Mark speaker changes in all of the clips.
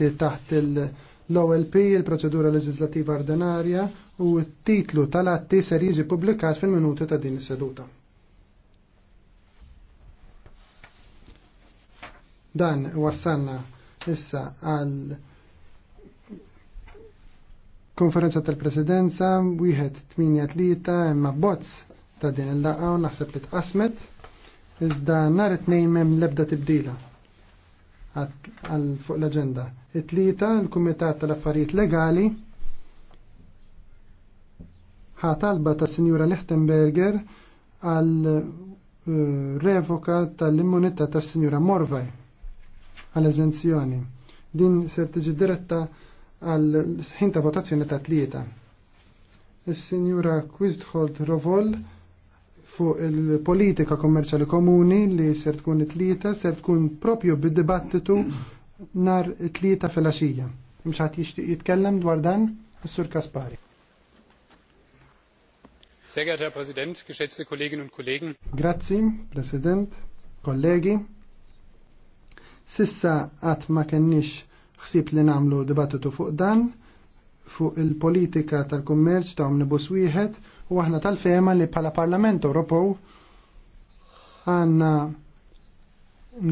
Speaker 1: protetti taħt l-OLP, il-proċedura leġislativa ordinarja, u t-titlu tal-atti ser jiġi publikat fil-minuti ta' din is-seduta. Dan wassalna issa għal konferenza tal-presidenza, wieħed 8-3 imma bozz ta' din il laqgħa u naħseb li tqasmet, iżda nhar it-tnejn l-ebda tibdila għal fuq l-agenda. It-tlieta l-Kumitat tal-Affarijiet Legali ħa talba ta' Sinjura Lichtenberger għal eh, revoka tal-immunità ta' Sinjura Morvaj għal eżenzjoni. Din ser tiġi diretta għal ħin ta' votazzjoni ta' tlieta. Is-Sinjura Quisthold Rovol fuq il-politika kommerċali komuni li ser tkun it-tlieta ser tkun propju bid-dibattitu nar it-tlieta fil-axija. Mxat jishtiq jitkellem dwar dan, Sur Kaspari. Sehr geehrter Herr Präsident, geschätzte Kolleginnen und Kollegen. Grazie, Präsident, kollegi. Sissa għat ma kennix ħsib li namlu dibattitu fuq dan fuq il-politika tal-kummerċ ta' omnibus wieħed u aħna tal-fema li bħala Parlament Ewropew għandna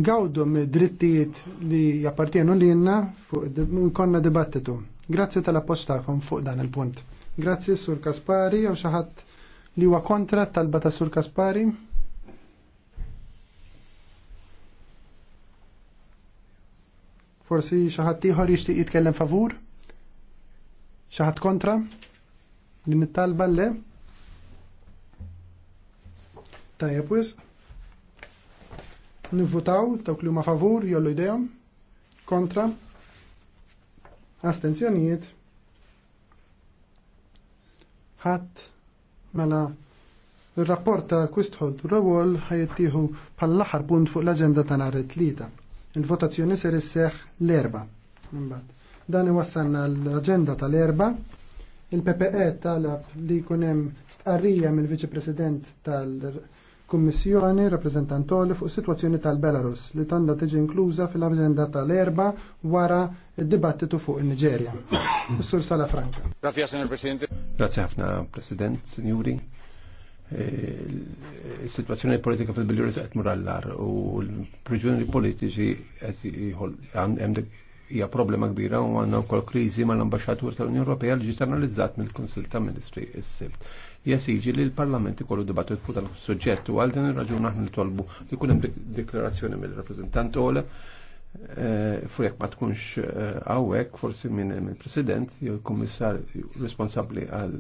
Speaker 1: ngawdu mid-drittijiet li jappartienu lilna fuq konna dibattitu. Grazzi tal-appostakom fuq dan il-punt. Grazzi Sur Kaspari jew xi ħadd li huwa kontra talba ta' Sur Kaspari. Forsi xi ħadd ieħor jixtieq jitkellem favur? ħadd kontra? Din it-talba le? Tajjeb wis. Nivvutaw dawk li huma favur jollu idejom? Kontra. Astenzjonijiet. Ħadd mela Ir-rapport ta' Quistħod Rawol ħajettieħu pal-aħħar punt fuq l-aġenda ta' nhar it-tlieta. Il-votazzjoni ser isseħħ l-erba' imbagħad. Dan iwassalna l-agenda tal-erba. Il-PPE talab li kunem stqarrija mill viċi President tal-Kummissjoni rappresentantoli fuq situazzjoni tal-Belarus li tanda tiġi inkluża fil-agenda tal-erba wara il dibattitu fuq il-Niġerja.
Speaker 2: sur Sala Franca. Grazie, Signor Presidente. Grazie ħafna, President, Signori e, il-situazzjoni politika fil-Belarus qed murallar u l prigjoni politiċi għet hija problema kbira u għandna wkoll kriżi mal-ambaxxatur tal-Unjoni Ewropea li ġiet analizzat mill-Kunsil ta' Ministri s-sibt. Jesiġi li l-Parlament ikollu dibattu fuq dan suġġett u għal din ir-raġun aħna nitolbu li jkun hemm deklarazzjoni mill-rappreżentant Ola eh, fu jekk ma tkunx eh, hawnhekk forsi minn il-President jew il-Kummissar responsabbli għal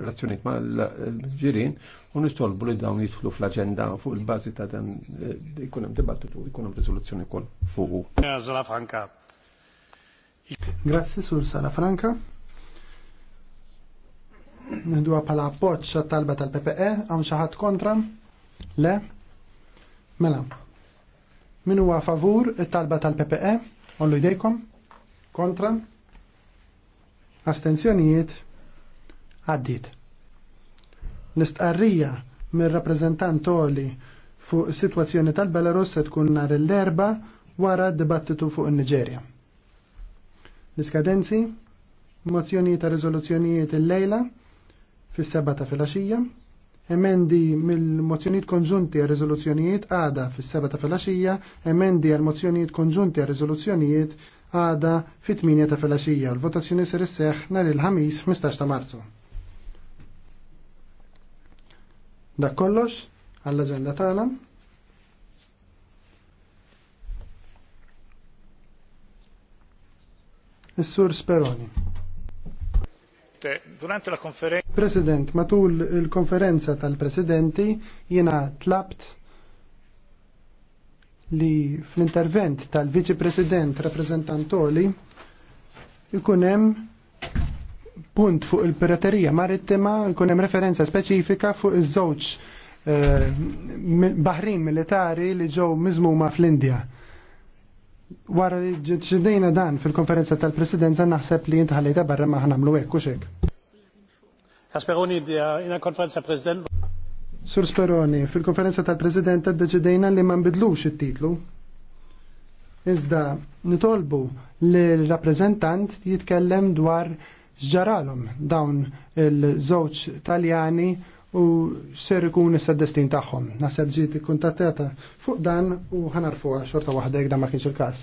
Speaker 2: relazzjoniet ma' l-ġirin u nistolbu li dawn jidħlu fl-agenda fuq il-bazi ta' dan eh, ikun hemm dibattitu ikun hemm risoluzzjoni wkoll fuq. Salafranca. Eh, Grazzi sur Salafranca.
Speaker 1: Nidwa pala tal talba tal-PPE, xi xaħat kontra? Le? Mela. Min huwa favur it-talba tal-PPE? Ollu jdejkom? Kontra? Astenzjonijiet? għaddit. Nistqarrija minn mir rappreżentant oli fuq situazzjoni tal-Belarus se tkun nhar l-erba wara d-dibattitu fuq in-Niġerja. L-iskadenzi, mozzjoni ta' riżoluzzjonijiet il-lejla fis-seba ta' filgħaxija, emendi mill-mozzjonijiet konġunti għal Rizoluzzjonijiet għada fis-seba ta' filgħaxija, emendi għal mozzjonijiet konġunti għal riżoluzzjonijiet għada fit-8 ta' filgħaxija. L-votazzjoni ser isseħħ nhar il-ħamis 15 ta' Marzu. Dak kollox għall-aġenda tagħna. Is-Sur Speroni. Durante la conferenza. President, matul il-konferenza tal-presidenti jiena tlabt li fl-intervent tal-Viċi President rappresentantoli ikun hemm punt fuq il-piraterija marittima jkun hemm referenza speċifika fuq iż-żewġ eh, baħrin militari li ġew miżmuma fl-Indja. Wara li ġidejna dan fil-konferenza tal-presidenza naħseb li jintħallejta barra ma nagħmlu hekk u xek. jina konferenza president. Sur Speroni, fil-konferenza tal-president deċidejna li ma nbidlux it-titlu. Iżda nitolbu li l-rappresentant jitkellem dwar ġaralhom dawn il-żewġ Taljani u ser ikun is destin tagħhom. Naħseb ġiet kuntattata fuq dan u ħanarfuha xorta waħda jekk dan ma kienx il-każ.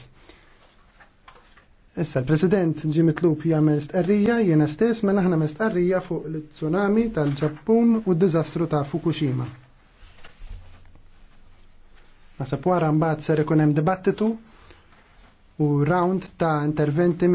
Speaker 1: Issa l-President ġi mitlub jagħmel stqarrija jiena stess mela aħna mestqarrija fuq l-tsunami tal-Ġappun u d-diżastru ta' Fukushima. Naħseb wara mbagħad ser ikun hemm dibattitu u round ta' interventi